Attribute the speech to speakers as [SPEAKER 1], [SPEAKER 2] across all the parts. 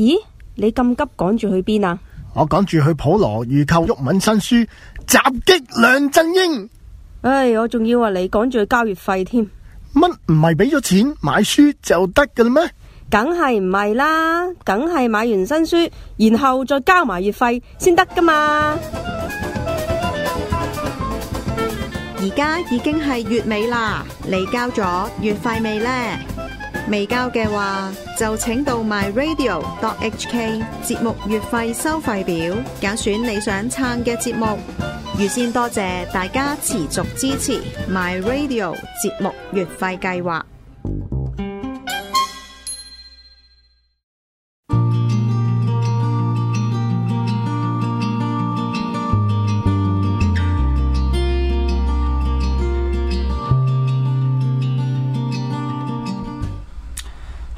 [SPEAKER 1] 咦，你咁急趕住去邊啊？我趕住去普羅預購郁文新書《襲擊梁振英》。唉、哎，我仲要話你趕住去交月費添。乜唔係俾咗錢買書就得嘅喇咩？梗係唔係啦，梗係買完新書然後再交埋月費先得噶嘛。而家已經係月尾啦，你交咗月費未呢？未交嘅話。
[SPEAKER 2] 就請到 myradio.hk 節目月費收費表，揀選你想撐嘅節目。預先多謝大家持續支持 myradio 節目月費計劃。.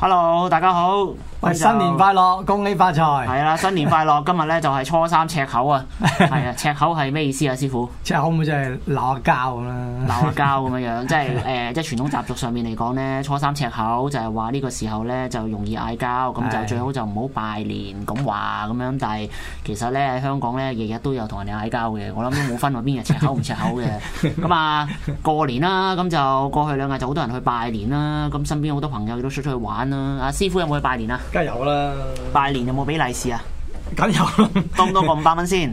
[SPEAKER 2] 哈嘍，大家好。新年快樂，恭喜發財！係啦，新年快樂！今日咧就係初三赤口啊，係啊， 赤口係咩意思啊？師傅， 赤口咪就係鬧交啦，鬧交咁樣樣，即係誒、呃，即係傳統習俗上面嚟講咧，初三赤口就係話呢個時候咧就容易嗌交，咁就最好就唔好拜年咁話咁樣。但係其實咧喺香港咧，日日都有同人哋嗌交嘅，我諗都冇分到邊日赤口唔赤口嘅。咁、嗯、啊，過年啦，咁就過去兩日就好多人去拜年啦。咁身邊好多朋友都出出去玩啦。阿師傅有冇去拜年啊？梗有啦！拜年有冇俾利是啊？梗有，多唔多過五百蚊先？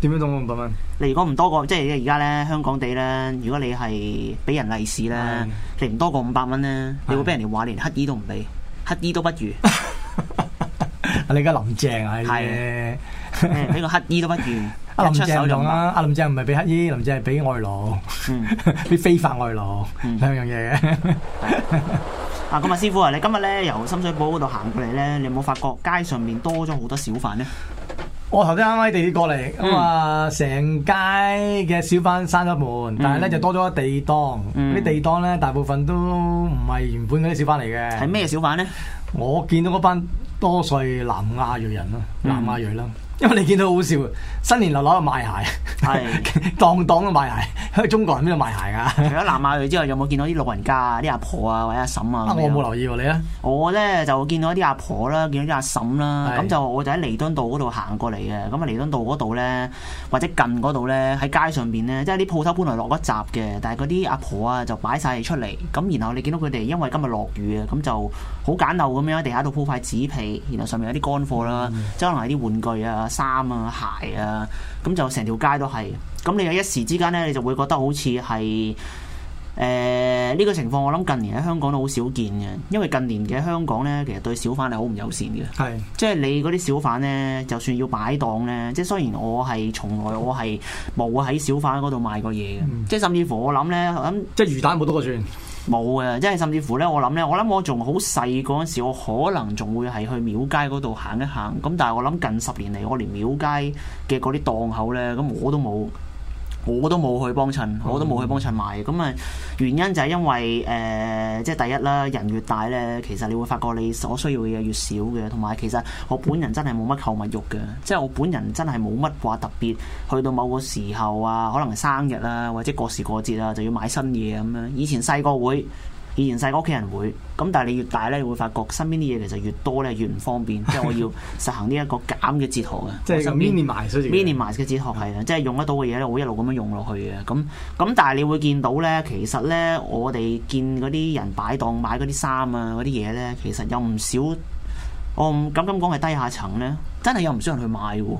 [SPEAKER 2] 點樣多過五百蚊？你如果唔多過，即係而家咧，香港地咧，如果你係俾人利是咧，你唔多過五百蚊咧，你會俾人哋話連乞衣都唔俾，乞衣都不如。
[SPEAKER 1] 你而家林鄭係？係俾個乞
[SPEAKER 2] 衣都不如。阿林鄭同啊，
[SPEAKER 1] 阿林鄭唔係俾乞衣，林鄭係俾外勞，俾非法外勞，兩樣嘢嘅。嗱，咁啊，師傅啊，你今日咧由深水
[SPEAKER 2] 埗嗰度行過嚟咧，你有冇發覺街上面多咗好多小販咧？
[SPEAKER 1] 我頭先啱啱喺地鐵過嚟，咁啊、嗯，成、嗯嗯、街嘅小販閂咗門，但係咧就多咗地檔，啲、嗯、地檔咧大部分都唔係原本嗰啲小販嚟嘅。係咩小販咧？我見到嗰班多係南亞裔人咯，南亞裔啦。嗯嗯因為你見到好笑，新年落攞去賣鞋，係檔檔都賣鞋。喺中國係邊度賣鞋㗎？
[SPEAKER 2] 除咗南亞去之外，有冇見到啲老人家啊、啲阿婆啊、或者阿嬸啊？啊我冇留意喎，你咧？我咧就見到啲阿婆啦、啊，見到啲阿嬸啦，咁就我就喺彌敦道嗰度行過嚟嘅。咁啊，彌敦道嗰度咧，或者近嗰度咧，喺街上邊咧，即係啲鋪頭本來落一閘嘅。但係嗰啲阿婆啊，就擺曬出嚟。咁然後你見到佢哋，因為今日落雨啊，咁就好簡陋咁樣喺地下度鋪塊紙皮，然後上面有啲乾貨啦，即可能係啲玩具啊。衫啊、鞋啊，咁、嗯、就成條街都係。咁、嗯、你有一時之間呢，你就會覺得好似係，誒、呃、呢、這個情況我諗近年喺香港都好少見嘅。因為近年嘅香港呢，其實對小販係好唔友善嘅。係是，即係你嗰啲小販呢，就算要擺檔呢，即係雖然我係從來我係冇喺小販嗰度賣過嘢嘅，嗯、即係甚至乎我諗呢，咁即係魚蛋冇多個算。冇啊，即係甚至乎咧，我諗咧，我諗我仲好細嗰陣時，我可能仲會係去廟街嗰度行一行，咁但係我諗近十年嚟，我連廟街嘅嗰啲檔口咧，咁我都冇。我都冇去幫襯，我都冇去幫襯買嘅，咁啊原因就係因為誒、呃，即係第一啦，人越大呢，其實你會發覺你所需要嘅嘢越少嘅，同埋其實我本人真係冇乜購物慾嘅，即係我本人真係冇乜話特別去到某個時候啊，可能生日啦，或者過時過節啊，就要買新嘢咁樣。以前細個會。以前細個屋企人會，咁但係你越大咧，你會發覺身邊啲嘢其實越多咧，越唔方便， 即係我要實行呢一個減嘅哲學嘅。即係 minimize，minimize 嘅哲學係啊，即係用得到嘅嘢咧，我會一路咁樣用落去嘅。咁咁但係你會見到咧，其實咧，我哋見嗰啲人擺檔買嗰啲衫啊，嗰啲嘢咧，其實有唔少，我唔敢咁講係低下層咧，真係有唔少人去買㗎。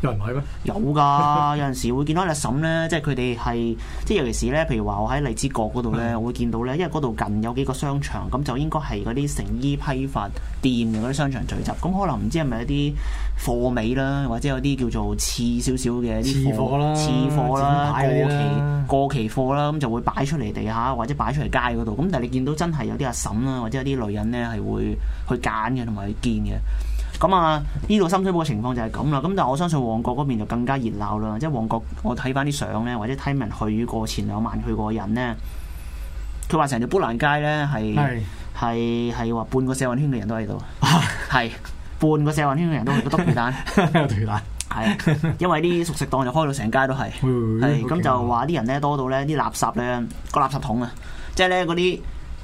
[SPEAKER 2] 有人買咩？ 有㗎，有陣時會見到阿嬸咧，即係佢哋係即係尤其是咧，譬如話我喺荔枝角嗰度咧，我會見到咧，因為嗰度近有幾個商場，咁就應該係嗰啲成衣批發店嘅嗰啲商場聚集，咁可能唔知係咪一啲貨尾啦，或者有啲叫做次少少嘅啲貨啦，次貨啦，過期過期貨啦，咁就會擺出嚟地下或者擺出嚟街嗰度，咁但係你見到真係有啲阿嬸啦，或者有啲女人咧係會去揀嘅同埋去見嘅。咁、嗯、啊，呢度深水埗嘅情況就係咁啦。咁但係我相信旺角嗰邊就更加熱鬧啦。即係旺角，我睇翻啲相咧，或者睇人去過前兩晚去過人咧，佢話成條砵蘭街咧係係係話半個社運圈嘅人都喺度，係、啊、半個社運圈嘅人都攞得魚蛋，攞魚蛋。
[SPEAKER 1] 係，
[SPEAKER 2] 因為啲熟食檔就開到成街都係，係咁是、哎、就話啲人咧多到咧，啲垃圾咧個垃圾桶啊，即係咧嗰啲。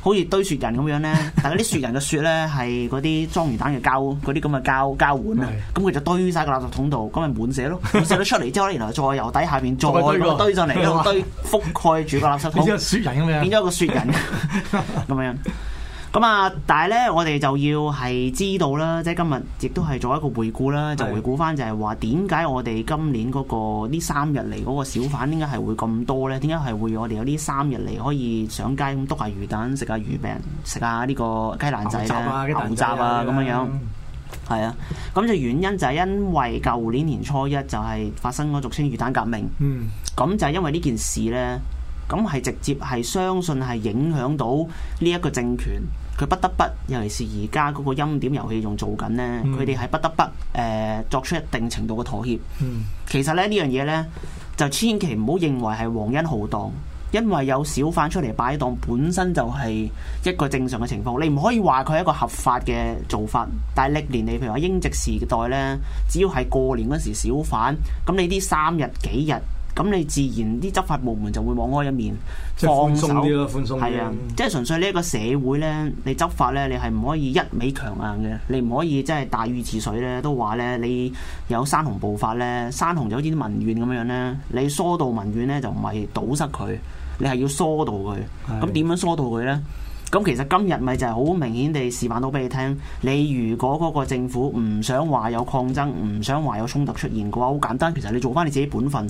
[SPEAKER 2] 好似堆雪人咁樣咧，但係啲雪人嘅雪咧係嗰啲裝魚蛋嘅膠，嗰啲咁嘅膠膠碗啊，咁佢 就堆晒個垃圾桶度，咁咪滿瀉咯。 瀉咗出嚟之後咧，然後再由底下邊再，下再堆上嚟， 堆覆蓋住個垃圾桶， 雪人咁樣變咗個雪人咁 樣。咁啊！但係呢，我哋就要係知道啦，即係今日亦都係做一個回顧啦，嗯、就回顧翻就係話點解我哋今年嗰個呢三日嚟嗰個小販點解係會咁多呢？點解係會我哋有呢三日嚟可以上街咁篤下魚蛋、食下魚餅、食下呢個雞蛋仔、啊、蛋仔、啊、牛雜啊咁樣樣？係、嗯、啊，咁就原因就係因為舊年年初一就係發生嗰個俗稱魚蛋革命。咁、嗯、就係因為呢件事呢，咁係直接係相信係影響到呢一個政權。佢不得不，尤其是而家嗰個欽點遊戲仲做緊咧，佢哋係不得不誒、呃、作出一定程度嘅妥協。
[SPEAKER 1] 嗯、
[SPEAKER 2] 其實咧，呢樣嘢咧就千祈唔好認為係皇恩浩蕩，因為有小販出嚟擺檔本身就係一個正常嘅情況，你唔可以話佢係一個合法嘅做法。但係歷年嚟，譬如話英殖時代咧，只要係過年嗰時小販，咁，你啲三日幾日，咁你自然啲執法部門就會網開一面，放鬆啲咯，寬手鬆啲。係啊，即係純粹呢一個社會呢，你執法呢，你係唔可以一味強硬嘅，你唔可以即係大禹治水呢，都話呢，你有山洪暴發呢，山洪就好似啲民怨咁樣呢。你疏導民怨呢，就唔係堵塞佢，你係要疏導佢。咁點的樣疏導佢呢？咁其實今日咪就係好明顯地示範到俾你聽，你如果嗰個政府唔想話有抗爭，唔想話有衝突出現嘅話，好簡單，其實你做翻你自己本分。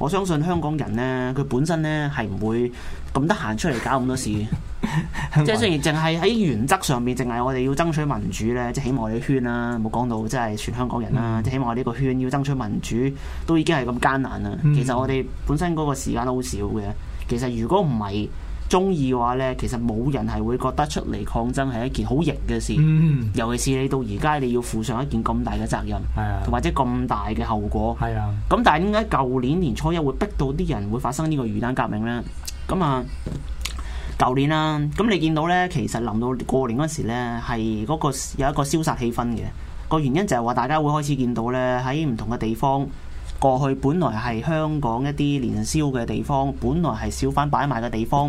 [SPEAKER 2] 我相信香港人呢，佢本身呢，係唔會咁得閒出嚟搞咁多事。 人即係雖然淨係喺原則上面，淨係我哋要爭取民主呢，即係起碼我哋圈啦，冇講到即係全香港人啦。嗯、即係起碼我哋呢個圈要爭取民主，都已經係咁艱難啦。其實我哋本身嗰個時間都好少嘅。其實如果唔係。中意嘅話呢，其實冇人係會覺得出嚟抗爭係一件好型嘅事，嗯、尤其是你到而家你要負上一件咁大嘅責任，係啊或者咁大嘅後果。咁係啊，但係點解舊年年初一會逼到啲人會發生呢個魚蛋革命呢？咁啊，舊年啦、啊，咁你見到呢，其實臨到過年嗰時呢，係嗰個有一個消殺氣氛嘅、個原因就係話大家會開始見到呢，喺唔同嘅地方。過去本來係香港一啲年宵嘅地方，本來係小販擺賣嘅地方，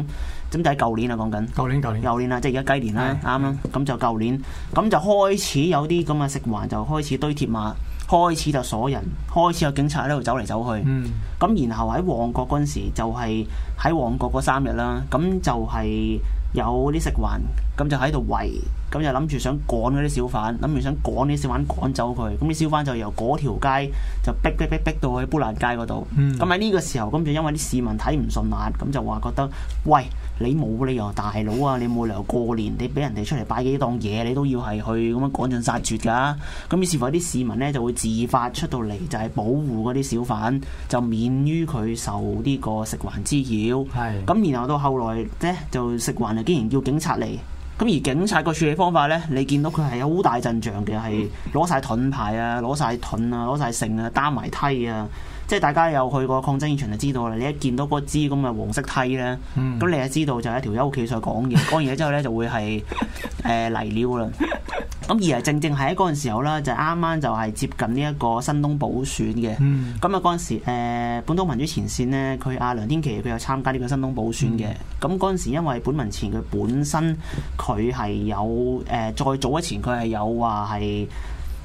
[SPEAKER 2] 咁就喺、是、舊年啊講緊。舊年舊年，舊年啦，即係而家雞年啦，啱啦。咁就舊年，咁就開始有啲咁嘅食環就開始堆鐵馬，開始就鎖人，開始有警察喺度走嚟走去。咁、mm. 然後喺旺角嗰陣時，就係、是、喺旺角嗰三日啦，咁就係、是。有啲食環咁就喺度圍，咁就諗住想趕嗰啲小販，諗住想趕啲小販趕走佢，咁啲小販就由嗰條街就逼逼逼逼逼逼到去砵蘭街嗰度，咁喺呢個時候，咁就因為啲市民睇唔順眼，咁就話覺得喂。你冇理由大佬啊！你冇理由過年你俾人哋出嚟擺幾檔嘢，你都要係去咁樣趕盡殺絕㗎，啊。咁於是乎啲市民呢就會自發出到嚟，就係保護嗰啲小販，就免於佢受呢個食環滋擾，係是。咁然後到後來咧，就食環就竟然叫警察嚟。咁而警察個處理方法呢，你見到佢係有好大陣仗嘅，係攞晒盾牌啊，攞晒盾啊，攞晒繩啊，打埋，啊啊、梯啊。即係大家有去過抗爭現場就知道啦，你一見到嗰支咁嘅黃色梯咧，咁、嗯、你就知道就係一條友企所講嘢，講完嘢之後咧就會係誒、呃、泥了啦。咁而係正正喺嗰陣時候啦，就啱啱就係接近呢一個新東補選嘅。咁啊嗰陣時、呃、本土民主前線咧，佢阿、啊、梁天琦，佢有參加呢個新東補選嘅。咁嗰陣時因為本民前佢本身佢係有誒、呃、再早一前佢係有話係。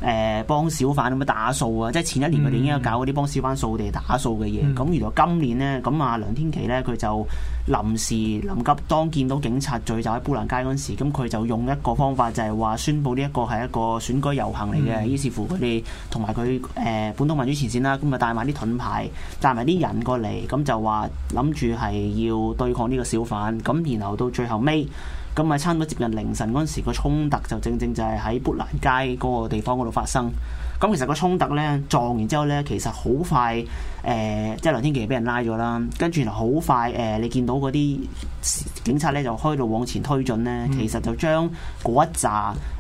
[SPEAKER 2] 誒幫小販咁樣打掃啊！即係前一年佢哋已經搞嗰啲幫小販掃地打掃嘅嘢。咁原來今年呢，咁啊梁天琦呢，佢就臨時臨急，當見到警察聚集喺砵蘭街嗰陣時，咁佢就用一個方法就係話宣佈呢一個係一個選舉遊行嚟嘅。於、嗯、是乎佢哋同埋佢誒本土民主前線啦，咁啊帶埋啲盾牌，帶埋啲人過嚟，咁就話諗住係要對抗呢個小販。咁然後到最後尾。咁咪差唔多接近凌晨嗰陣時，個衝突就正正就係喺砵蘭街嗰個地方嗰度發生。咁其實個衝突咧撞完之後咧，其實好快誒、呃，即係梁天琦畀人拉咗啦。跟住好快誒、呃，你見到嗰啲警察咧就開路往前推進咧，其實就將嗰一紮誒、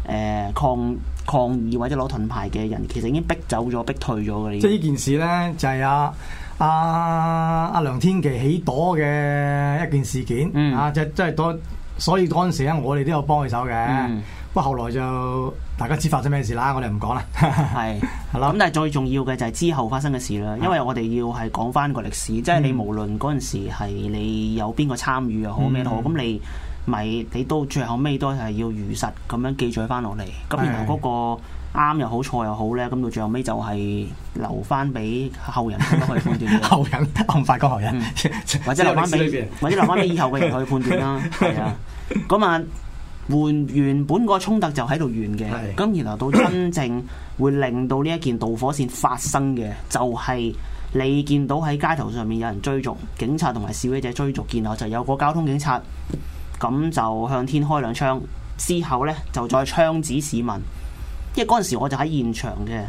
[SPEAKER 2] 呃、抗抗議或者攞盾牌嘅人，其實已經逼走咗、逼退咗嘅。即係呢
[SPEAKER 1] 件事咧，就係阿阿阿梁天琦起朵嘅一件事件。嗯啊，即即係朵。所以嗰陣時咧，我哋都有幫佢手嘅。嗯、不過後來就大家知發生咩事啦，我哋唔講啦。係係咯。咁但係最重要嘅就係之後發生嘅事啦，啊、
[SPEAKER 2] 因為我哋要係講翻個歷史，嗯、即係你無論嗰陣時係你有邊個參與又好咩都好，咁、嗯、你咪你到最後尾都係要如實咁樣記載翻落嚟。咁然後嗰個。嗯嗯嗯啱又好，錯又好呢，咁到最後尾就係留翻俾後人去判斷，
[SPEAKER 1] 後人暗法個後人，後人 或者留翻俾， 或者留翻俾以後嘅人去判斷啦，係 啊，
[SPEAKER 2] 咁啊，換原本個衝突就喺度完嘅，咁而來到真正會令到呢一件導火線發生嘅，就係、是、你見到喺街頭上面有人追逐警察同埋示威者追逐，見到，就有個交通警察咁就向天開兩槍，之後呢，就再槍指市民。因為嗰陣時，我就喺現場嘅，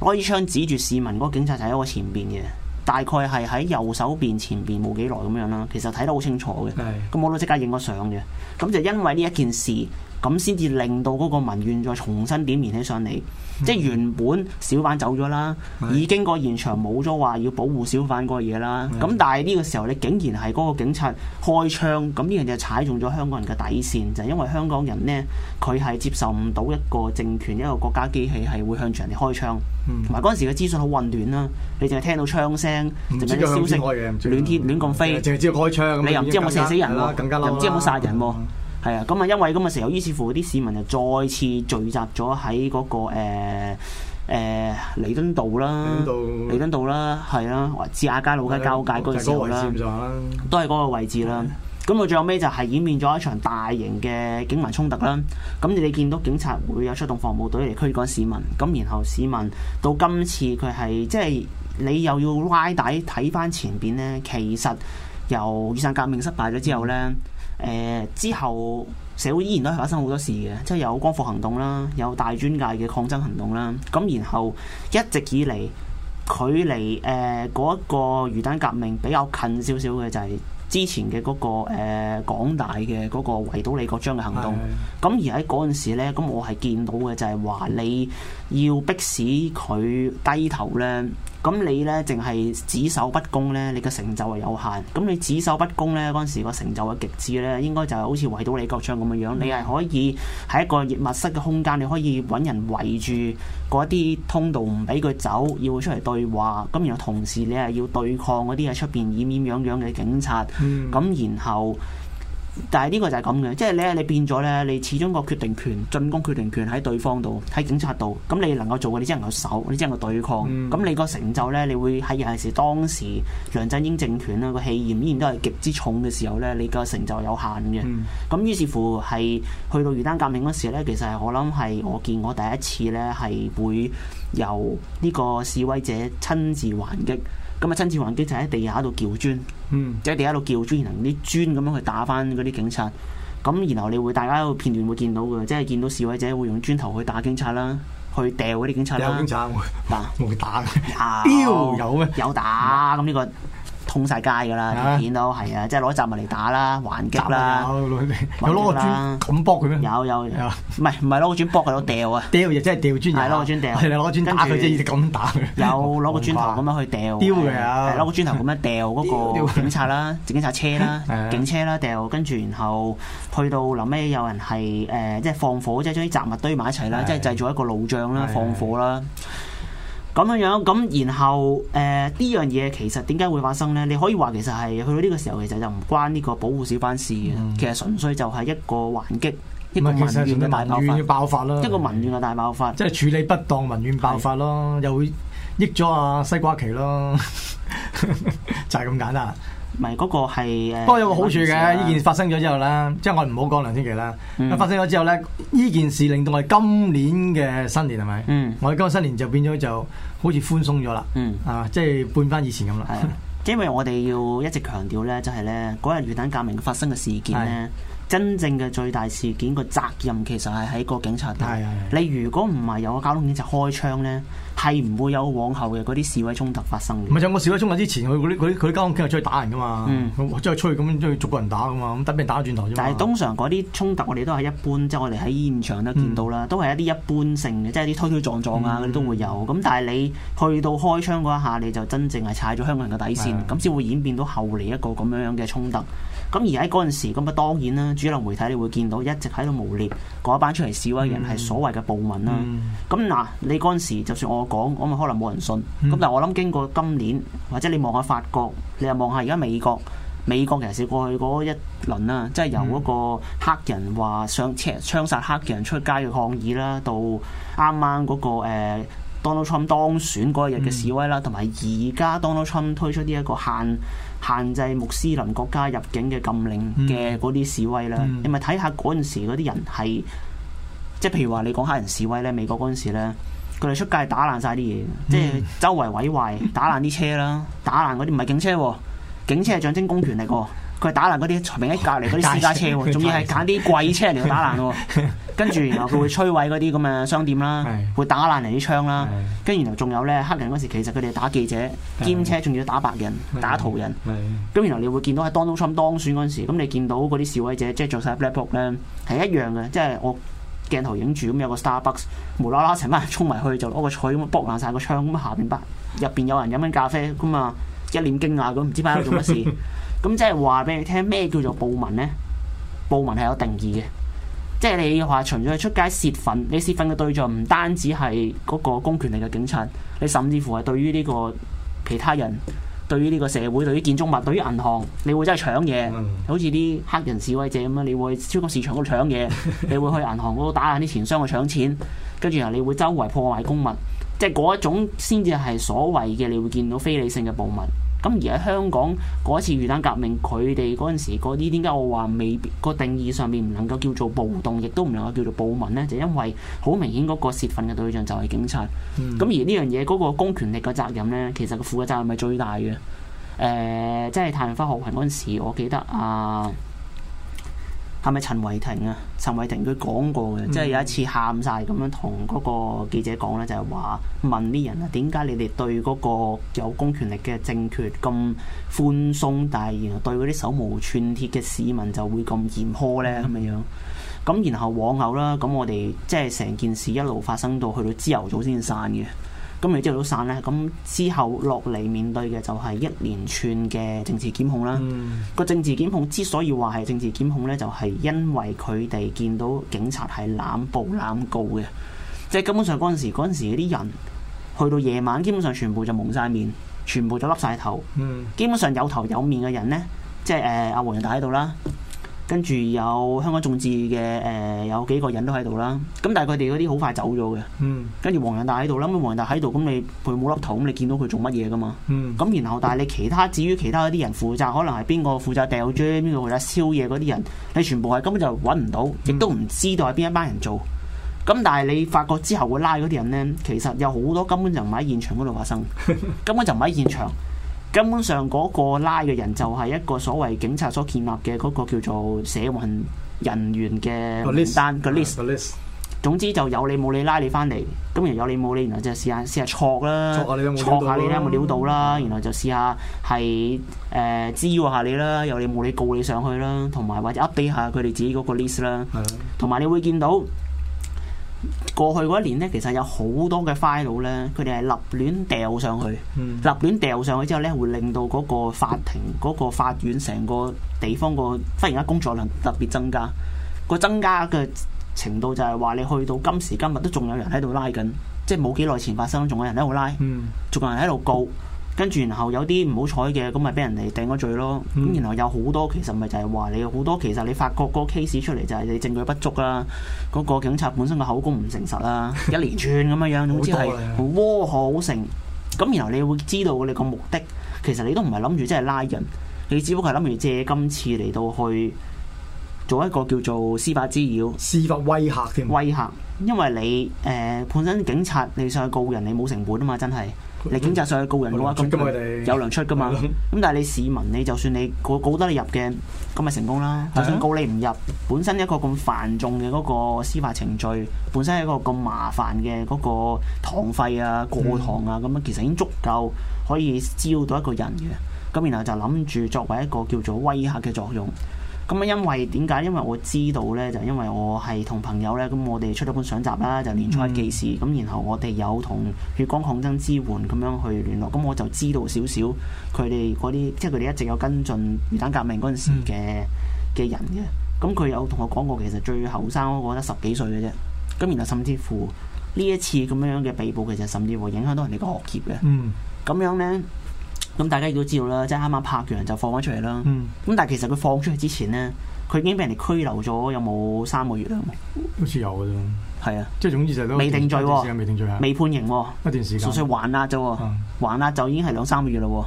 [SPEAKER 2] 攞支槍指住市民嗰警察就喺我前邊嘅，大概係喺右手邊前邊冇幾耐咁樣啦。其實睇得好清楚嘅，咁的我都即刻影咗相嘅。咁就因為呢一件事。咁先至令到嗰個民怨再重新點燃起上嚟，即係原本小販走咗啦，已經個現場冇咗話要保護小販個嘢啦。咁但係呢個時候你竟然係嗰個警察開槍，咁呢樣嘢就踩中咗香港人嘅底線，就係因為香港人呢，佢係接受唔到一個政權一個國家機器係會向住人哋開槍，同埋嗰陣時嘅資訊好混亂啦，你淨係聽到槍聲，淨係啲消息，亂天亂咁飛，直接開槍，你又唔知有冇射死人喎，又唔知有冇殺人喎。係啊，咁啊，因為咁嘅時候，於是乎啲市民就再次聚集咗喺嗰個誒誒尼敦道啦，彌敦道啦，係啦，或至亞皆老街交界嗰陣時啦，
[SPEAKER 1] 的
[SPEAKER 2] 都係嗰個位置啦。咁到、嗯、最後尾就係演變咗一場大型嘅警民衝突啦。咁、嗯、你見到警察會有出動防暴隊嚟驅趕市民，咁然後市民到今次佢係即係你又要拉底睇翻前邊呢。其實由雨傘革命失敗咗之後呢。嗯誒之後，社會依然都係發生好多事嘅，即係有光復行動啦，有大專界嘅抗爭行動啦。咁然後一直以嚟，距離誒嗰一個魚蛋革命比較近少少嘅就係之前嘅嗰、那個誒港、呃、大嘅嗰個圍堵李國章嘅行動。咁的而喺嗰陣時咧，咁我係見到嘅就係話你要逼使佢低頭呢。咁你呢，淨係只指手不公呢，你嘅成就係有限。咁你只手不公呢，嗰陣時個成就嘅極致呢，應該就係好似圍到李國章咁嘅樣。嗯、你係可以喺一個密室嘅空間，你可以揾人圍住嗰啲通道，唔俾佢走，要佢出嚟對話。咁然後同時你係要對抗嗰啲喺出邊掩掩攘攘嘅警察。咁、嗯、然後。但係呢個就係咁嘅，即係咧你變咗咧，你始終個決定權、進攻決定權喺對方度、喺警察度，咁你能夠做嘅，你只能夠守，你只能夠對抗。咁、嗯、你個成就咧，你會喺尤其是當時梁振英政權啦，個氣焰依然都係極之重嘅時候咧，你個成就有限嘅。咁、嗯、於是乎係去到魚蛋革命嗰時咧，其實係我諗係我見我第一次咧係會由呢個示威者親自還擊。咁啊，親自還擊就喺地下度撬磚，即係、嗯、地下度撬磚，然後用啲磚咁樣去打返嗰啲警察。咁然後你會大家個片段會見到嘅，即係見到示威者會用磚頭去打警察啦，去掉嗰啲警察有警察
[SPEAKER 1] 會,但會打、呃呃、有
[SPEAKER 2] 咩？有,嗎有打咁呢、呃呢個。通晒街噶啦，條片都係啊，即係攞雜物嚟打啦，還擊啦，有攞，有攞個磚，咁卜佢咩？有有，唔係唔係攞磚卜佢，攞掉啊！
[SPEAKER 1] 掉又真係掉磚入，係攞磚
[SPEAKER 2] 掉，攞磚打佢啫，而家咁
[SPEAKER 1] 打佢。有攞個磚頭咁樣去掉，丟，係
[SPEAKER 2] 攞個磚頭咁樣掉嗰個警察啦，警察車啦，警車啦，掉跟住，然後去到臨尾有人係誒，即係放火，即係將啲雜物堆埋一齊啦，即係製造一個路障啦，放火啦。咁樣樣，咁然後誒呢、呃、樣嘢其實點解會發生咧？你可以話其實係去到呢個時候，其實就唔關呢個保護小班事
[SPEAKER 1] 嘅，嗯、其實純粹就係一個還擊，嗯、一個民怨嘅大爆發。爆發，一個民怨嘅大爆發，一個民怨嘅大爆發。即係處理不當，民怨爆發咯，的又會益咗啊西瓜期咯， 就係咁簡單。
[SPEAKER 2] 咪嗰、那個係誒，不過有個好處嘅，呢件事發
[SPEAKER 1] 生咗之後咧，即係我哋唔好講梁天琦啦。嗯、發生咗之後咧，呢件事令到我哋今年嘅新年係咪？是是，嗯、我哋今年新年就變咗就好似寬鬆咗啦，嗯、啊，即係變返以前咁啦。的
[SPEAKER 2] 因為我哋要一直強調咧，就係咧嗰日魚蛋革命發生嘅事件咧。真正嘅最大事件個責任其實係喺個警察度。你是如果唔係有個交通警察開槍呢，係唔會有往後嘅嗰啲示威衝突發生嘅。唔係，
[SPEAKER 1] 有冇示威衝突之前，佢交通警察出去打人噶嘛，即係、嗯、出去咁樣出去逐個人打噶嘛，咁等畀人打咗轉頭啫。但係通常嗰啲衝突我哋都係一般，即、就、係、是、我哋喺現場都見到啦，嗯、都係一啲一般
[SPEAKER 2] 性嘅，即係啲推推撞撞啊啲都會有。咁、嗯嗯、但係你去到開槍嗰一下，你就真正係踩咗香港人嘅底線，咁先會演變到後嚟一個咁樣樣嘅衝突。咁而喺嗰陣時，咁啊當然啦，主流媒體你會見到一直喺度污蔑嗰班出嚟示威嘅人係、嗯、所謂嘅暴民啦。咁嗱、嗯，那你嗰陣時就算我講，我咪可能冇人信。咁、嗯、但係我諗經過今年，或者你望下法國，你又望下而家美國，美國其實是過去嗰一輪啦，即、就、係、是、由嗰個黑人話想槍槍殺黑人出街嘅抗議啦，到啱啱嗰個、呃、Donald Trump 當選嗰日嘅示威啦，同埋而家 Donald Trump 推出呢一個限限制穆斯林國家入境嘅禁令嘅嗰啲示威啦，嗯、你咪睇下嗰陣時嗰啲人係，即係譬如話你講黑人示威咧，美國嗰陣時咧，佢哋出街打爛晒啲嘢，嗯、即係周圍毀壞，打爛啲車啦，打爛嗰啲唔係警車喎，警車係象徵公權力。佢打爛嗰啲，明喺隔離嗰啲私家車喎，仲要係揀啲貴車嚟到打爛喎。跟住然後佢會摧毀嗰啲咁嘅商店啦，會打爛人啲窗啦。跟住然後仲有咧，黑人嗰時其實佢哋打記者兼車，仲要打白人、打途人。咁然後你會見到喺 Donald Trump 當選嗰時，咁你見到嗰啲示威者即係做晒 Black Bloc 咧，係一樣嘅，即係我鏡頭影住咁有個 Starbucks 無啦啦成班衝埋去就攞個菜咁搏爛晒個窗咁，下邊入邊有人飲緊咖啡㗎啊，一臉驚訝咁，唔知班人做乜事。咁、嗯、即係話俾你聽，咩叫做暴民呢？暴民係有定義嘅，即係你話除咗係出街泄憤，你泄憤嘅對象唔單止係嗰個公權力嘅警察，你甚至乎係對於呢個其他人、對於呢個社會、對於建築物、對於銀行，你會真係搶嘢，好似啲黑人示威者咁樣，你會超級市場度搶嘢，你會去銀行嗰度打爛啲錢箱去搶錢，跟住然後你會周圍破壞公物，即係嗰一種先至係所謂嘅你會見到非理性嘅暴民。咁而喺香港嗰一次魚蛋革命，佢哋嗰陣時嗰啲點解我話未必、嗰個定義上面唔能夠叫做暴動，亦都唔能夠叫做暴民咧？就是、因為好明顯嗰個洩憤嘅對象就係警察。咁、嗯、而呢樣嘢嗰個公權力嘅責任咧，其實個負嘅責任係最大嘅。誒、呃，即係太陽花學運嗰陣時我記得啊。呃係咪陳偉霆啊？陳偉霆佢講過嘅，嗯、即係有一次喊晒咁樣同嗰個記者講咧，就係、是、話問啲人啊，點解你哋對嗰個有公權力嘅政權咁寬鬆，但係然後對嗰啲手無寸鐵嘅市民就會咁嚴苛咧咁嘅樣？咁、嗯嗯、然後往後啦，咁我哋即係成件事一路發生到去到朝頭早先散嘅。咁你朝早散咧，咁之後落嚟面對嘅就係一連串嘅政治檢控啦。個、嗯、政治檢控之所以話係政治檢控咧，就係、是、因為佢哋見到警察係濫捕濫告嘅，即係根本上嗰陣時嗰陣時嗰啲人去到夜晚，基本上全部就蒙晒面，全部就笠晒頭。嗯、基本上有頭有面嘅人咧，即係誒阿黃人大喺度啦。跟住有香港眾志嘅誒、呃、有幾個人都喺度啦，咁但係佢哋嗰啲好快走咗嘅。嗯，跟住黃仁大喺度啦，咁黃仁大喺度，咁你陪冇粒頭，咁你見到佢做乜嘢㗎嘛？嗯，咁然後但係你其他至於其他嗰啲人負責，可能係邊個負責掉樽，邊個負責燒嘢嗰啲人，你全部係根本就揾唔到，亦都唔知道係邊一班人做。咁、嗯、但係你發覺之後會拉嗰啲人咧，其實有好多根本就唔喺現場嗰度發生， 根本就唔喺現場。根本上嗰個拉嘅人就係一個所謂警察所建立嘅嗰個叫做社運人員嘅名單個 list，總之就有你冇你拉你翻嚟，咁然後有你冇你，然後就係試下試下錯啦，錯下你啦冇料到啦，然後就試下係誒滋擾下你啦，有你冇你告你上去啦，同埋或者 update 下佢哋自己嗰個 list 啦，同埋你會見到。過去嗰一年咧，其實有好多嘅 file 咧，佢哋係立亂掉上去，立亂掉上去之後咧，會令到嗰個法庭、嗰、嗰個法院、成個地方個忽然間工作量特別增加。個增加嘅程度就係話，你去到今時今日都仲有人喺度拉緊，即係冇幾耐前發生，仲有人喺度拉，嗯、仲有人喺度告。跟住，然後有啲唔好彩嘅，咁咪俾人哋掟咗罪咯。咁、嗯、然後有好多其實咪就係話你好多其實你發覺個 case 出嚟就係你證據不足啦、啊，嗰、嗰個警察本身嘅口供唔誠實啦、啊， 一連串咁樣樣，總之係窩好成咁。然後你會知道你個目的其實你都唔係諗住即係拉人，你只不過係諗住借今次嚟到去做一個叫做司法滋擾、司法 誒 威嚇添，威嚇因為你誒、呃、本身警察你上去告人，你冇成本啊嘛，真係。真你警察上去告人嘅話，咁佢哋有糧出㗎嘛？咁、嗯、但係你市民，你就算你告，告得你入嘅，咁咪成功啦。啊、就算告你唔入，本身一個咁繁重嘅嗰個司法程序，本身係一個咁麻煩嘅嗰個堂費啊、過堂啊，咁、嗯、樣其實已經足夠可以招到一個人嘅。咁然後就諗住作為一個叫做威嚇嘅作用。咁啊，因為點解？因為我知道咧，就因為我係同朋友咧，咁我哋出咗本相集啦，就年賽紀事。咁、嗯、然後我哋有同血光抗爭支援咁樣去聯絡。咁我就知道少少佢哋嗰啲，即係佢哋一直有跟進魚蛋革命嗰陣時嘅嘅、嗯、人嘅。咁佢有同我講過，其實最後生，我得十幾歲嘅啫。咁然後甚至乎呢一次咁樣嘅被捕，其實甚至乎影響到人哋個學業嘅。嗯，咁樣咧。咁大家亦都知道啦，即係啱啱拍完就放翻出嚟啦。咁、嗯、但係其實佢放出去之前咧，佢已經俾人哋拘留咗有冇三個月啦？好似有嘅啫。係啊，即係總之就都未定罪喎，未定罪、未判刑，一段時間純粹還押啫，還押、啊啊、就已經係兩三個月咯。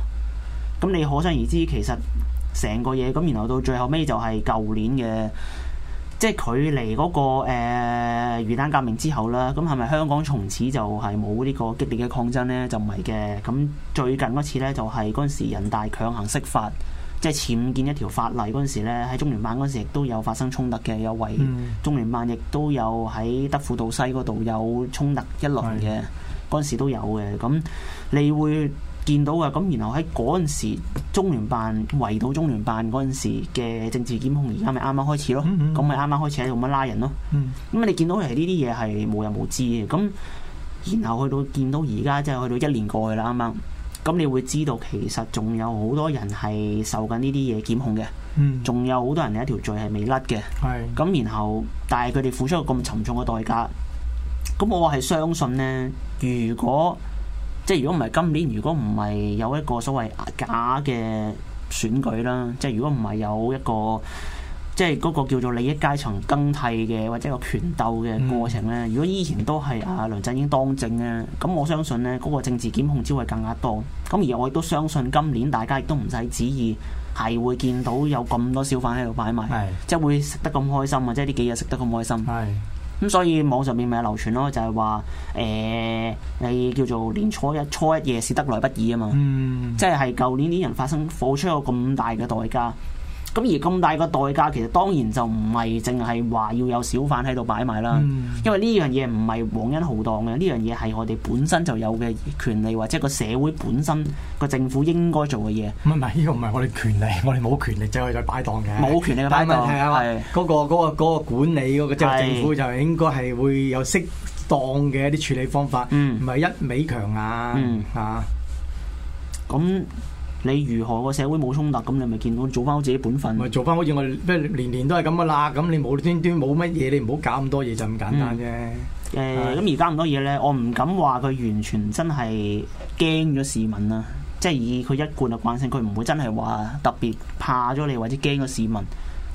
[SPEAKER 2] 咁你可想而知，其實成個嘢咁，然後到最後尾就係舊年嘅。即係距離嗰、那個誒、呃、魚蛋革命之後啦，咁係咪香港從此就係冇呢個激烈嘅抗爭呢？就唔係嘅。咁最近嗰次呢，就係嗰陣時人大強行釋法，即係僭建一條法例嗰陣時咧，喺中聯辦嗰陣時亦都有發生衝突嘅，有圍、嗯、中聯辦，亦都有喺德輔道西嗰度有衝突一輪嘅，嗰陣的時都有嘅。咁你會見到嘅咁，然後喺嗰陣時，中聯辦圍到中聯辦嗰陣時嘅政治檢控，而家咪啱啱開始咯。咁咪啱啱開始喺度乜拉人咯。咁、嗯、你見到係呢啲嘢係無人無知嘅。咁然後去到見到而家即係去到一年過去啦，啱啱咁你會知道其實仲有好多人係受緊呢啲嘢檢控嘅。仲、嗯、有好多人一條罪係未甩嘅。係咁、嗯，然後但係佢哋付出咗咁沉重嘅代價。咁我係相信呢，如果即係如果唔係今年，如果唔係有一個所謂假嘅選舉啦，即係如果唔係有一個即係嗰個叫做利益階層更替嘅或者個權鬥嘅過程咧，嗯、如果依然都係阿、啊、梁振英當政咧，咁我相信咧嗰、嗰個政治檢控只會更加多。咁而我亦都相信今年大家亦都唔使旨意係會見到有咁多小販喺度擺賣，是即係會食得咁開心啊！即係呢幾日食得咁開心。是咁所以網上面咪流傳咯，就係話誒，你叫做年初一初一夜是得來不易啊嘛，嗯、即係係舊年啲人發生付出咗咁大嘅代價。咁而咁大個代價，其實當然就唔係淨係話要有小販喺度擺埋啦，嗯、因為呢樣嘢唔係皇恩浩蕩嘅，呢樣嘢係我哋本身就有嘅權利，或者個社會本身個政府應
[SPEAKER 1] 該做嘅嘢。唔係唔係，呢、呢個唔係我哋權利，我哋冇權利走去再擺檔嘅。冇權利嘅擺檔係啊，嗰個、嗰個嗰、嗰個嗰個管理嗰即係、嗰個、政府就應該係會有適當嘅一啲處理方法，唔係、嗯、一味強硬嚇。咁你如何個社會冇衝突，咁你咪見到做翻好自己本分。咪做翻好似我哋，即係年年都係咁嘅啦。咁你冇端端冇乜嘢，你唔好搞咁多嘢就咁簡單嘅。誒、嗯，咁、呃、是而家咁多
[SPEAKER 2] 嘢咧，我唔敢話佢完全真係驚咗市民啦。即係以佢一貫嘅慣性，佢唔會真係話特別怕咗你或者驚個市民。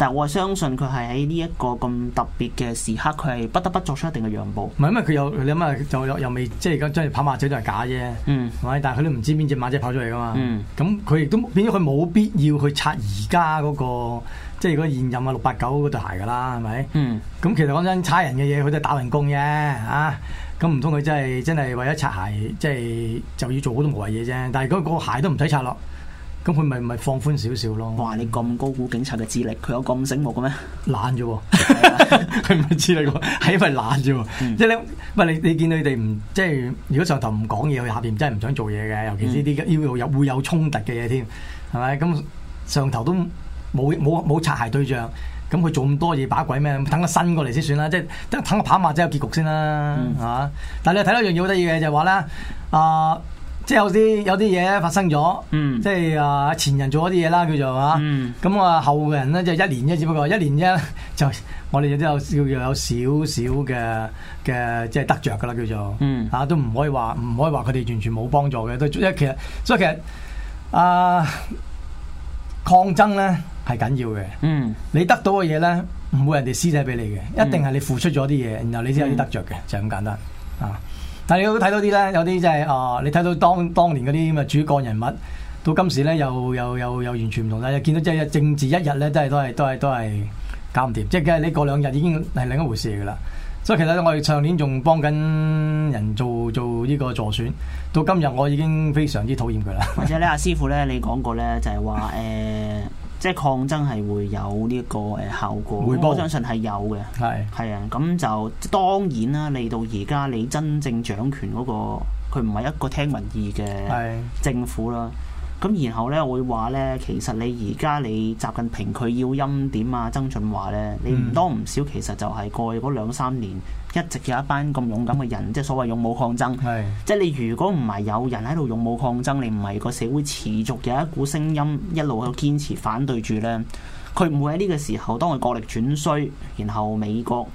[SPEAKER 2] 但我相信佢係喺呢一個咁特別嘅時刻，佢係不得不作出一定嘅讓步。唔
[SPEAKER 1] 係，因為佢又你諗下，就又未即係而家即係跑馬仔都係假啫，係咪？但係佢都唔知邊隻馬仔跑出嚟㗎嘛？咁佢、嗯、亦都變咗佢冇必要去擦而家嗰個即係嗰個現任啊六八九嗰對鞋㗎啦，係咪？咁、嗯、其實講真，差人嘅嘢佢都係打份工啫啊！咁唔通佢真係真係為咗擦鞋，即係就要做好多無謂嘢啫。但係嗰個鞋都唔使擦落。咁佢咪咪放寬少少咯？我話你咁高估警察嘅智力，佢有咁醒目嘅咩？懶啫、啊，佢唔係智力，係因為懶啫、啊。嗯、即係你，唔係你，你見佢哋唔即係，如果上頭唔講嘢，佢下邊真係唔想做嘢嘅。尤其呢啲要有會有衝突嘅嘢添，係咪？咁上頭都冇冇冇擦鞋對象，咁佢做咁多嘢把鬼咩？等個新過嚟先算啦，即係等等個跑馬仔有結局先啦，吓、嗯啊。但係你睇到一樣嘢好得意嘅，就係話啦。啊。即係有啲有啲嘢發生咗，嗯、即係啊前人做咗啲嘢啦，叫做啊，咁啊、嗯、後人咧就係、一年啫，只不過一年啫，就我哋都有又有少少嘅嘅即係得着噶啦，叫做啊、嗯、都唔可以話唔可以話佢哋完全冇幫助嘅，都即其實所以其實啊、呃、抗爭咧係緊要嘅，嗯、你得到嘅嘢咧唔會人哋施捨俾你嘅，一定係你付出咗啲嘢，然後你先有啲得着嘅，就咁簡單啊。嗯但你都睇到啲咧，有啲即係啊！你睇到當當年嗰啲咁嘅主幹人物，到今時咧又又又又完全唔同啦！又見到即係政治一日咧，真係都係都係都係搞唔掂，即係你過兩日已經係另一回事嚟噶啦。所以其實我哋上年仲幫緊人做做呢個助選，到今日我已經非常之討厭佢啦。或者咧，阿師傅
[SPEAKER 2] 咧，你講過咧，就係話誒。即係抗爭係會有呢一個誒效果，播我相信係有嘅。係係啊，咁就當然啦。嚟到而家，你真正掌權嗰、那個，佢唔係一個聽民意嘅政府啦。咁是然後呢，我會話呢，其實你而家你習近平佢要欽點啊？曾俊華呢，你唔多唔少，嗯、其實就係過去嗰兩三年。一直有一班咁勇敢嘅人，即係所謂勇武抗爭。是的 即係你如果唔係有人喺度勇武抗爭，你唔係個社會持續有一股聲音一路喺度堅持反對住咧，佢唔會喺呢個時候當佢國力轉衰，然後美國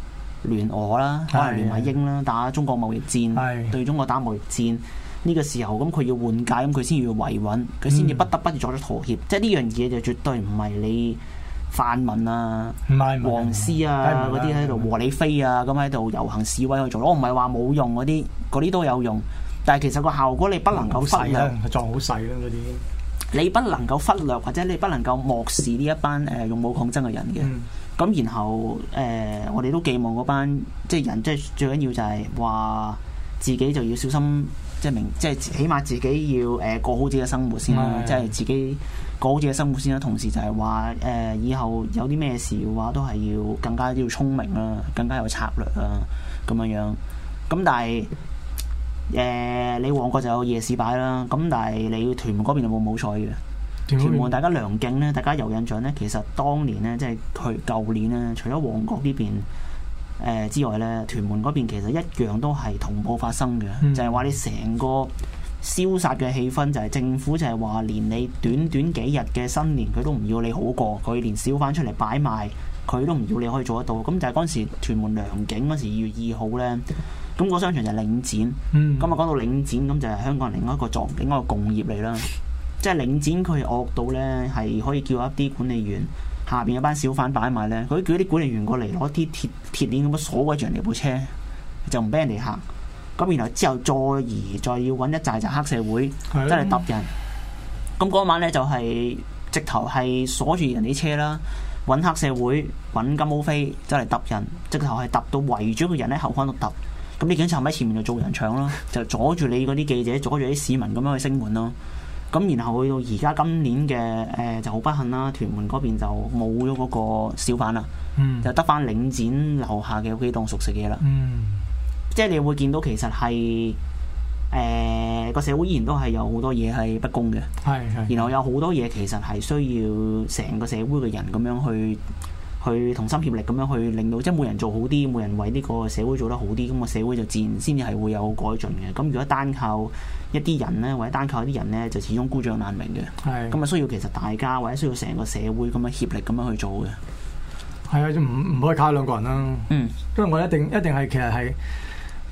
[SPEAKER 2] 聯俄啦，可能聯埋英啦，是的 打中國貿易戰，是的 對中國打貿易戰，呢、這個時候咁佢要緩解，咁佢先要維穩，佢先至不得不要做咗妥協，嗯、即係呢樣嘢就絕對唔係你。泛民啊，不是不是黃絲啊，嗰啲喺度和理非啊，咁喺度遊行示威去做囉，我唔係話冇用嗰啲，嗰啲都有用，但係其實個效果你不能夠忽略，撞好細啦嗰啲，啊啊、你不能夠忽略或者你不能夠漠視呢一班誒勇武抗爭嘅人嘅。咁、嗯、然後誒、呃，我哋都寄望嗰班即係人，即係最緊要就係話自己就要小心，即係明，即係起碼自己要誒過好自己嘅生活先啦，嗯、即係自己。過好自己嘅生活先啦，同時就係話誒，以後有啲咩事嘅話，都係要更加要聰明啦，更加有策略啊，咁樣樣。咁但係誒、呃，你旺角就有夜市擺啦，咁但係你屯門嗰邊就冇冇菜嘅。
[SPEAKER 1] 屯門，屯門大
[SPEAKER 2] 家良景咧，大家有印象咧，其實當年咧，即、就、係、是、去舊年咧，除咗旺角呢邊誒、呃、之外咧，屯門嗰邊其實一樣都係同步發生嘅，嗯、就係話你成個。消殺嘅氣氛就係政府，就係話連你短短幾日嘅新年佢都唔要你好過，佢連小販出嚟擺賣佢都唔要你可以做得到。咁就係嗰陣時屯門良景嗰時二月二號呢，咁個商場就領展。咁啊講到領展，咁就係香港另外一個狀景，另外一個共業嚟啦。即係領展佢惡到呢，係可以叫一啲管理員，下邊有一班小販擺賣呢。佢叫啲管理員過嚟攞啲鐵鐵鏈咁樣鎖鬼住人哋部車，就唔俾人哋行。咁然後之後再而再要揾一寨就黑社會，真係揼人。咁嗰、嗯、晚呢，就係、是、直頭係鎖住人哋車啦，揾黑社會揾金毛飛，即係揼人。直頭係揼到圍住一個人喺後方度揼。咁你警察站喺前面就做人搶啦，就阻住你嗰啲記者，阻住啲市民咁樣去聲援咯。咁然後去到而家今年嘅誒、呃、就好不幸啦，屯門嗰邊就冇咗嗰個小販啦，嗯、就得翻領展樓下嘅幾檔熟食嘢啦，嗯即係你會見到其實係誒個社會依然都係有好多嘢係不公嘅，係係然後有好多嘢其實係需要成個社會嘅人咁樣去去同心協力咁樣去令到即係冇人做好啲，冇人為呢個社會做得好啲，咁、嗯、個社會就自然先至係會有改進嘅。咁、嗯、如果單靠一啲人呢，或者單靠一啲人呢，就始終孤掌難鳴嘅。係
[SPEAKER 1] 咁啊，需要其實大家或者需要成
[SPEAKER 2] 個社會咁樣協力咁樣去做嘅。
[SPEAKER 1] 係啊，唔唔可以靠兩個人啦。嗯，因為我一定一定係其實係。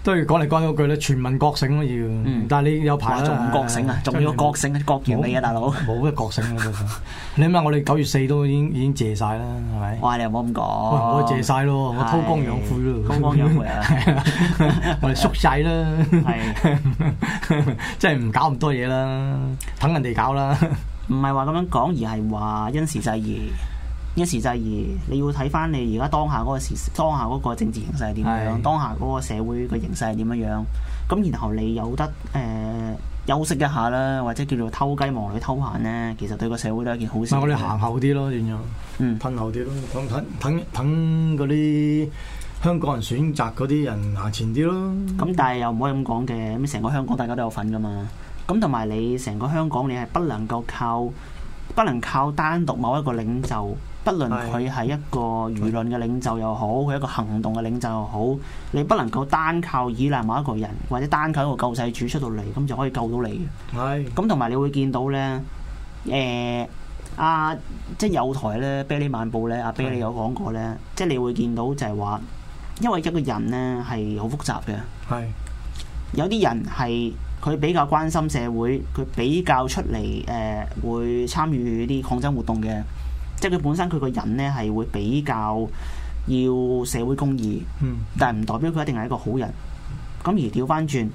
[SPEAKER 1] 都要講嚟講嗰句咧，全民覺醒咯要。但係你有排咧仲唔覺醒啊？仲要覺醒啊？覺完未啊，大佬！冇乜覺醒啦，覺醒 你諗下我哋九月四都已經已經借晒啦，係咪？哇！你又冇咁講，我借晒咯，我韜是 光養晦咯。韜光養晦啊！ 我哋縮晒啦，係，即係唔搞咁多嘢啦，等人哋搞啦。
[SPEAKER 2] 唔係話咁樣講，而係話因時制宜。一時制宜，你要睇返你而家當下嗰個時，當下嗰個政治形勢係點樣，的當下嗰個社會嘅形勢係點樣。咁然後你有得誒、呃、休息一下啦，或者叫做偷雞忙裏偷閒
[SPEAKER 1] 咧。其實對個社會都係件好事。咪我哋行後啲咯，變咗，嗯，褪後啲咯，等等等等嗰啲香港人選擇嗰啲人行前啲咯。咁但係又
[SPEAKER 2] 唔可以咁講嘅，咁成個香港大家都有份㗎嘛。咁同埋你成個香港，你係不能夠靠不能靠單獨某一個領袖。不論佢係一個輿論嘅領袖又好，佢一個行動嘅領袖又好，你不能夠單靠依賴某一個人，或者單靠一個救世主出到嚟，咁就可以救到你嘅。係。咁同埋你會見到呢，誒、呃，阿、啊、即係有台呢，啤梨漫步呢，阿啤梨有講過呢，是的 即係你會見到就係話，因為一個人呢係好複雜嘅。係。是的 有啲人係佢比較關心社會，佢比較出嚟誒、呃、會參與啲抗爭活動嘅。即係佢本身佢個人咧係會比較要社會公義，但係唔代表佢一定係一個好人。咁而調返轉，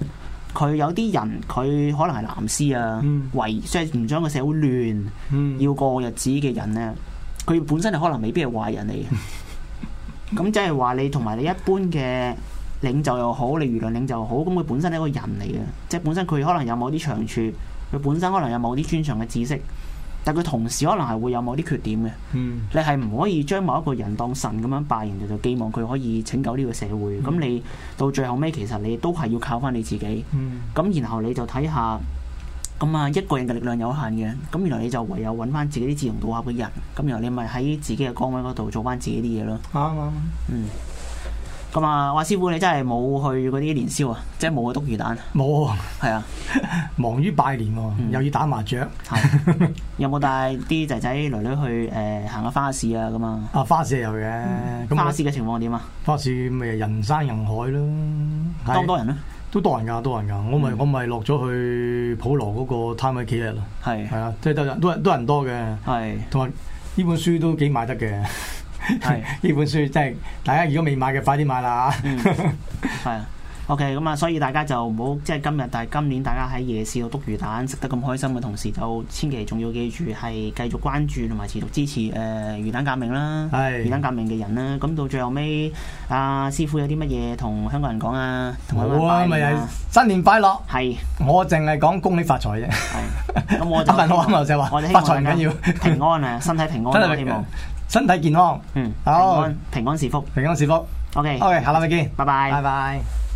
[SPEAKER 2] 佢有啲人佢可能係藍絲啊，維即係唔想個社會亂，嗯、要過日子嘅人咧，佢本身係可能未必係壞人嚟嘅。咁即係話你同埋你一般嘅領袖又好，你輿論領袖又好，咁佢本身係一個人嚟嘅，即係本身佢可能有某啲長處，佢本身可能有某啲專長嘅知識，但佢同時可能係會有某啲缺點嘅，嗯、你係唔可以將某一個人當神咁樣拜人，然後就寄望佢可以拯救呢個社會。咁、嗯、你到最後尾其實你都係要靠翻你自己。咁、嗯、然後你就睇下，咁啊一個人嘅力量有限嘅，咁原來你就唯有揾翻自己啲志同道合嘅人。咁然後你咪喺自己嘅崗位嗰度做翻自己啲嘢咯。啱啱嗯。嗯嗯咁啊，話，師傅你真係冇去嗰啲年宵啊，即係冇去篤魚蛋。冇啊，係啊， 忙於拜年喎、啊，又要打麻雀。有冇帶啲仔仔女女去誒、呃、行下花市啊？咁啊，啊花市係有嘅。
[SPEAKER 1] 花市嘅情況點啊？花市咪人山人海咯，
[SPEAKER 2] 多唔多人
[SPEAKER 1] 咧？都多人噶、啊，多人噶、啊。我咪、嗯、我咪落咗去普羅嗰個攤位企業咯。係是，係啊是，即係都人，都都人多嘅。係，同埋呢本書都幾賣得嘅。 係呢 本書真係，大家如果未買嘅，快啲買啦吓！係、 嗯、，OK，咁啊，所以大家
[SPEAKER 2] 就唔好即係今日，但係今年大家喺夜市度篤魚蛋，食得咁開心嘅同時，就千祈仲要記住係繼續關注同埋持續支持誒、呃、魚蛋革命啦，是魚蛋革命嘅人啦。咁到最後尾，阿、啊、師傅有啲乜嘢同香港人講啊？好啊，咪係、啊、
[SPEAKER 1] 新年快樂！係是，我淨係講恭喜發財啫。咁 我就我話我哋發財唔緊要，平安啊，身體平安，希望、呃。呃呃身體健康，嗯，好，平安，平安是福，平安是福，OK，OK，好啦，再 Okay, Okay, 見，拜拜，拜拜。